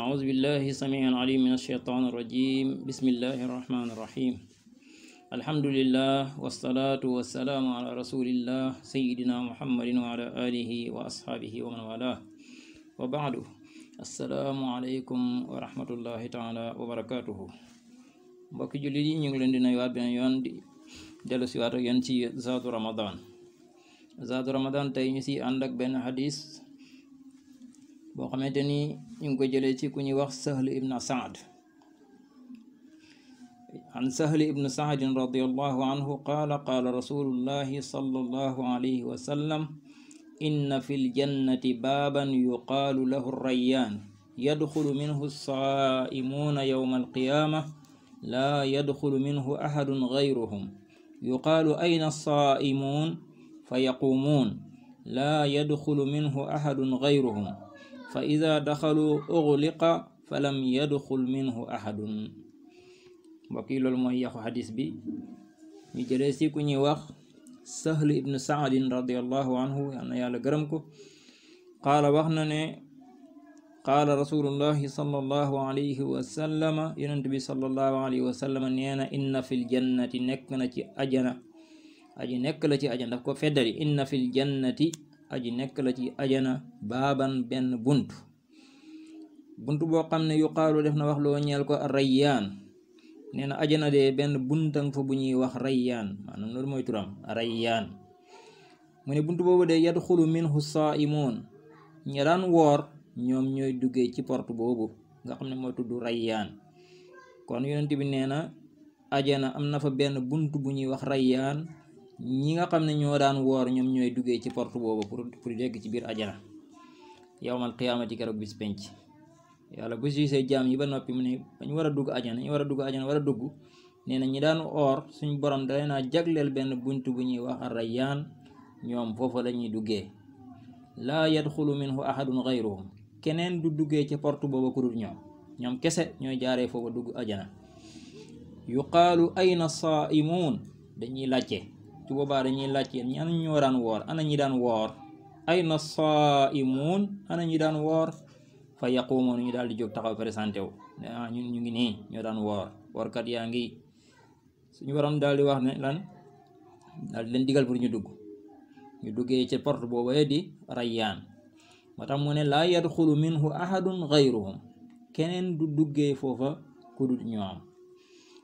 أعوذ بالله السميع العليم من الشيطان الرجيم بسم الله الرحمن الرحيم الحمد لله والصلاة والسلام على رسول الله سيدنا محمد وعلى آله وأصحابه ومن والاه وبعد السلام عليكم ورحمة الله تعالى وبركاته mbokk jullit yi ñu ngi leen di nuyuwaat beneen yoon di dellu si waat ak yéen ci zaatu Ramadan zaatu Ramadan tey ñu si ànd ak benn hadis boo xamante ni ñu ngi ko jëlee ci ku ñuy wax sahl ibn saad an sahl ibn saadin radiallahu anhu qaala qaala rasulullahi sallallahu alayhi wa sallam inna fi ljannati baaban yuqaalu lahu rayyaan yadxulu minhu saaimuuna yowma alqiyaama laa yadxulu minhu axadun gayruhum yuqaalu ayna saaimuun fa yaquumuun laa yadxulu minhu axadun gayruhum fa ida daxalu uxliqa fa lam yadxul minhu ahadun mbokk yi loolu mooy yaxu xadis bi ñu jëlee ku ñuy wax sahl ibnu saadin radiallahu anhu yal na yàlla gërëm ko qaala wax na ne qaala rasulullahi sallallahu alayhi wa sallama yonent bi sallallahu alayhi wa sallama nee na inna fil jannati nekk na ci ajana aji nekk la ci ajana daf ko feddali inna aji nekk la ci ajana baaban benn bunt bunt boo xam ne yu yuqaalu def na wax loo ñeel ko rayyaan nee na ajana de benn buntan fa bu ñuy wax rayyaan maanaam loolu mooy turam rayyaan mu ne bunt boobu de yadxulu minhu saaimuun ñi daan woor ñoom ñooy duggee ci port boobu nga xam ne moo tudd rayyaan kon yonent bi nee ajana am na fa benn bunt bu ñuy wax rayyaan ñi nga xam ne ñoo daan woor ñoom ñooy duggee ci port boobu pour pour dégg ci biir ajana yowmal qiyaamati keroog bis penc yàlla bu juisee jaam yi ba noppi mu ne ñu war a dugg ajana ñu war a dugg ajana war a dugg nee na daan oor suñ borom da leen jagleel benn bunt bu ñuy wax ar-rayyaan ñoom foofa lañuy ñuy duggee laa yadxulu minhu ahadun gayruhum keneen du duggee ci porte boobu ku ñoom ñoom kese ñooy jaaree foofa dugg ajana yuqaalu ayna saa'imuun dañuy laajte su boobaa dañuy laaj yéen ñi ana ñoo daan woor ana ñi daan woor ayna saimun ana ñi daan woor fa yaquumoon ñu daal di jóg taxaw présenté wu ah, ñun ñu ngi nii ñoo daan woor woorkat yaa ngi suñu waroon daal di wax ne lan daal di leen digal pour ñu dugg ñu duggee ci porte boobu di rayyaan moo tax mu ne laa yadxulu minhu ahadun gayruhum keneen du duggee foofa ku dul ñoom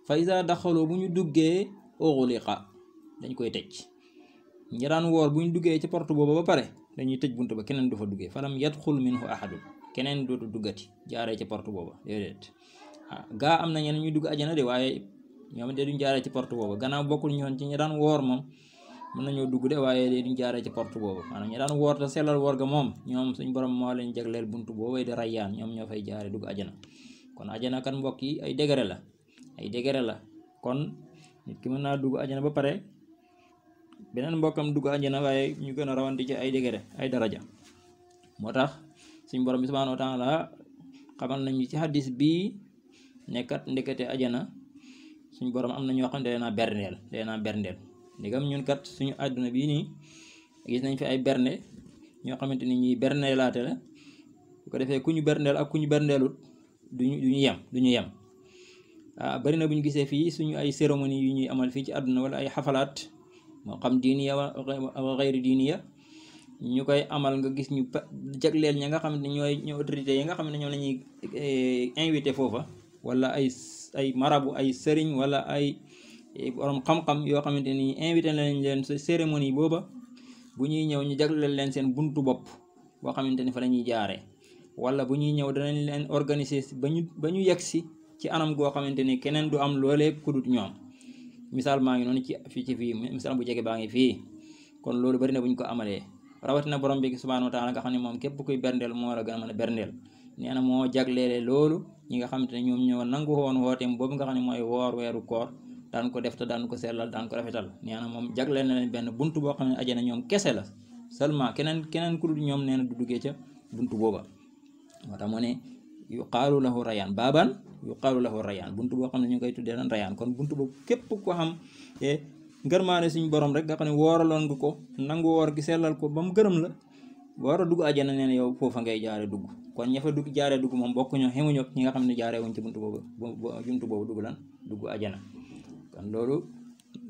fa daxaloo bu ñu duggee uxliqa dañ koy tëj ñi daan bu ñu duggee ci porte boobu ba pare dañuy tëj bunt ba keneen du fa duggee falam yadxul minhu ahadun keneen dootu duggati jaaree ci porte booba déedéet ah, am na ñeneen ñuy dugg ajana de waaye ñoom de duñ jaaree ci porte booba gannaaw bokkul ñoon ci ñi daan woor moom mën nañoo dugg de waaye duñ jaaree ci porte booba maanaam ñi woor te sellal woor ga moom ñoom suñ borom moo leen jagleel buntu boobay de rayyaan ñoom ñoo fay jaare dugg ajana kon ajana kan mbokk yi ay degré la ay degré la kon nit ki mën naa dugg ajana ba pare beneen mbokkam dugg àjjana waaye ñu gën a rawante ci ay degré ay daraja moo tax suñ borom bi subhanahu wa taala xamal nañu ci hadis bii nekkat ndekete àjjana suñ borom am na ñoo xam ne dee naa berndeel dee naa berndeel ndegam ñun kat suñu àdduna bii nii gis nañ fi ay bernde ñoo xamante ni ñuy berndeelaate la bu ko defee ku ñu berndeel ak ku ñu berndeelut duñu duñu yem ñu yem ah bari na bu ñu gisee fii suñu ay cérémonie yu ñuy amal fii ci àdduna wala ay xafalaat moo xam diiniya wa xayri diiniya ñu koy amal nga gis ñu jagleel ña nga xam ne ñooy ñu autorité yi nga xam ne ñoo la ñuy eh, invité foofa wala ay ay marabu ay sëriñ wala ay eh, borom xam-xam yoo xamante ni invité lañ leen sa cérémonie booba bu ñuy ñëw ñu jagleel leen seen buntu bopp boo xamante ni fa la ñuy jaaree wala bu ñuy ñëw danañ leen organiser ba ñu ba ñu yegg si ci anam goo xamante ni keneen du am loolee ku dut ñoom. misaal maa ngi noonu ci fii ci fii misaal bu jege baa ngi fii kon loolu bari na bu ñu ko amalee rawatina borom bi subhaanahu wa taala nga xam ne moom képp kuy berndeel moo la gën a mën a berndeel nee na moo jagleele loolu ñi nga xam ne ñoom ñoo nangu woon wooteem boobu nga xam ne mooy woor weeru koor daan ko def te daan ko sellal daan rafetal nee na moom jagleel na leen benn bunt boo xam ne ajana ñoom kese la seulement keneen keneen ku dul ñoom nee na du duggee ca buntu booba moo tax mu ne yuqaalu lahu rayaan baaban yuqaalu lahu rayaan bunt boo xam ne ñu ngi koy tuddee naan rayaan kon bunt boobu képp ko xam e ngërmaane suñu borom rek nga xam ne wooraloon nga ko nangu woor gi sellal ko ba mu gërëm la war a dugg àjjana nee yow foofa ngay jaare dugg kon ña fa dugg jaare dugg moom bokkuñu xemuñu ñi nga xam ne jaaree wuñ ci bunt boobu buntu boobu dugg lan dugg àjjana kon loolu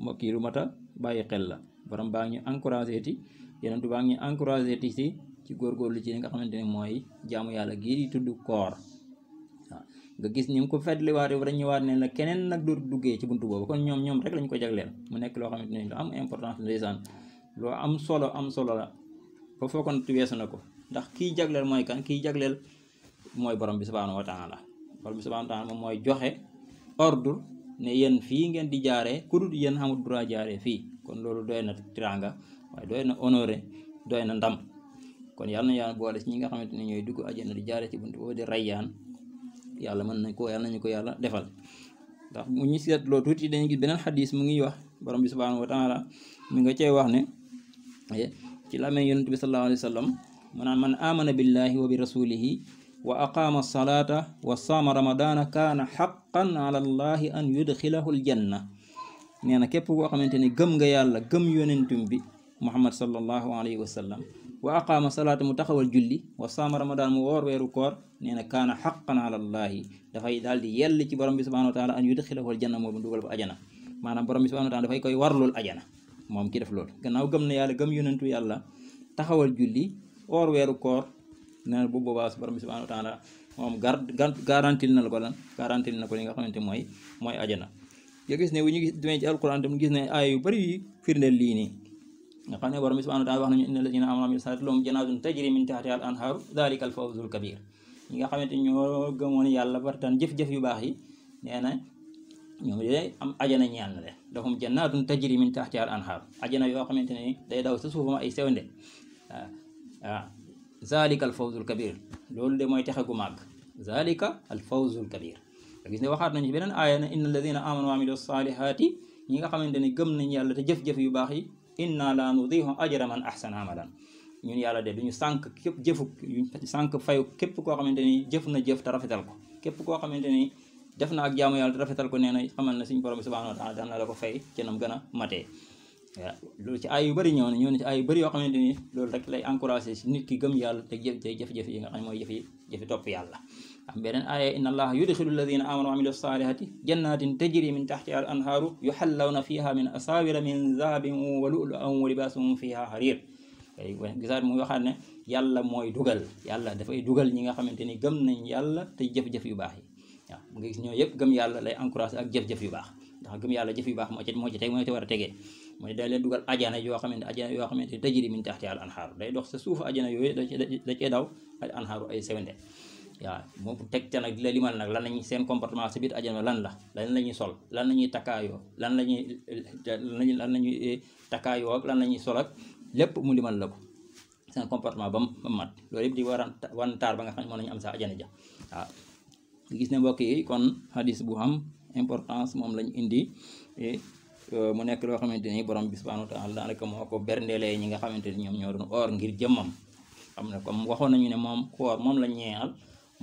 mbokk yi lu mat a bàyyi xel la borom baa ngi ñu encouragé ti yeneen baa ngi ñu ti si ci góorgóorlu ci li nga xamante ne mooy jaamu yàlla gii di tudd koor waaw nga gis ni mu ko fetliwaat yow dañu ñëwaat ne la keneen nag du duggee ci bunt boobu kon ñoom ñoom rek lañ ko jagleel mu nekk loo xamante ne lu am importance ndeysaan loo am solo am solo la ba foogoon weesu na ko ndax kii jagleel mooy kan kii jagleel mooy borom bi subhaanahu wa taala borom bi subhaanahu wa taala moom mooy joxe ordre ne yéen fii ngeen di jaaree ku dul yéen xamul droit jaaree fii kon loolu doy na tiranga waaye doy na honoré kon yàlla na yàlla boole ci ñi nga xamante ne ñooy dugg àjjana di jaare ci bunt boobu di rayyaan yàlla mën nañ ko nañu ko yàlla defal ndax mu ñu seetloo tuuti dañu gis beneen xadis mu ngi wax borom bi subhaanahu wa taala mi nga cey wax ne eh, ci lamee yonent bi sallallahu alayhi wa sallam mu naan man amana billahi wa bi rasulihi wa aqaama salaata wa saama ramadaana kaana xaqan ala allahi an yudxilahu aljanna nee na képp koo xamante ne gëm nga yàlla gëm yonentum bi muhammad sallallahu alayhi wa sallam wa aqaama salaata mu taxawal julli wa saama ramadaan mu woor weeru koor nee na kaana xaqan ala llaahi dafay daal di yell ci borom bi subhanahu wa taala an yudxilahu aljanna moom dugal ba ajana maanaam borom bi subhanahu wa taala dafay koy warlul ajana moom ki def loolu gannaaw gëm na yàlla gëm yonentu yàlla taxawal julli oor weeru koor nee na bu boobaa borom bi subhanahu wa taala moom gar garantil na la ko lan garantil na ko li nga xamante mooy mooy ajana yoo gis ne bu ñu gis demee ci alquran tam gis ne aaya yu bari firndeel lii nii nga xam ne borom bi subhanahu wa taala wax nañu inna lazina amanu amil salati lahum janatun tajri min tahtiha al anharu dalika al fawzul kabir ñi nga xamante ñoo gëmoon yàlla bartan jëf-jëf yu baax yi nee na ñoom de am ajana ñeel na de lahum jannatun tajri min tahtiha al anharu ajana yoo xamante ne day daw sa suufam ay sewnde waaw zalika al fawzul kabir loolu de mooy texe gu màgg zalika al fawzul kabir gis ne waxaat nañu beneen aaya ne inna alladina amanu wa amilu salihati ñi nga xamante ne gëm nañ yàlla te jëf-jëf yu baax yi inna la nudihu ajra man ahsana amalan ñun yàlla de ñu sànq képp jëfu sànq fayu képp koo xamante ni jëf na jëf te rafetal ko képp koo xamante ni def na ak jaamu yàlla te rafetal ko nee na xamal na suñu borom bi subhanahu wa taala dana la ko fay ci nam gën a matee loolu ci ay yu bëri ñëw na ñëw na ci ay yu bëri yoo xamante ni loolu rek lay encouragé si nit ki gëm yàlla te jëf jëf-jëf yi nga xam ne mooy jëfi jëfi topp yàlla ndax beneen aaya inna allaha yudxilu alladina amanu wa amilu salihati jannatin tajri min taxtiha al anhaaru yuxallawna fiha min asaawira min zahabin wa lu'lu'an wa libaasuhum fiha xariir gisaat mu waxaat ne mooy dugal yàlla dafay dugal ñi nga xamante ni gëm nañ yàlla te jëf-jëf yu baax yi waaw mu ngi gis ñoo yëpp gëm yàlla lay ak jëf-jëf yu baax ndax gëm yàlla jëf yu baax moo ci moo ci te moo ci war a tegee mooy day leen dugal ajana yoo xamante ajana yoo xamante tajri min taxtiha al anhaaru day dox sa suufu ajana yooyu da cee daw al anhaaru ay sewende waaw moom teg ca nag di la limal nag lan lañuy seen comportement si biir àjjana lan la lan la ñuy sol lan la ñuy takkaayoo lan la ñuy lan la ñuy eh, takkaayoo lan la ñuy sol ak lépp mu limal la ko seen comportement ba mu mat loolu yëpp di war wan taar ba nga xam ne moom la ñu am sa gis ne mbokk yi kon hadis bu am importance moom lañ indi eh, euh, mu nekk loo xamante ni borom bi subhanahu wa taala daanaka ko berndelee ñi xamante ni ñoom ñoo doon or ngir jëmmam xam ne comme waxoon nañu ne moom koor moom la ñeexal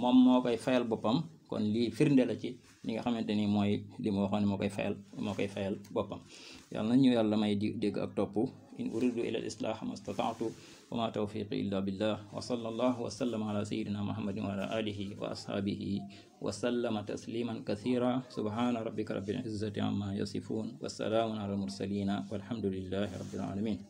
moom moo koy fayal boppam kon lii firnde la ci li nga xamante ni mooy li ma waxoon moo koy fayal moo koy fayal boppam yàlla na ñu yàlla may di dégg ak topp in uridu ila al islaaha ma stataatu wa ma tawfiqi illa billah wa sallallahu wa sallam ala sayyidina muhammadin wa ala alihi wa ashaabihi wa sallama tasliman kathira subhana rabbika rabbil izzati yasifun wa salaamun ala mursalina walhamdulillahi rabbil alamin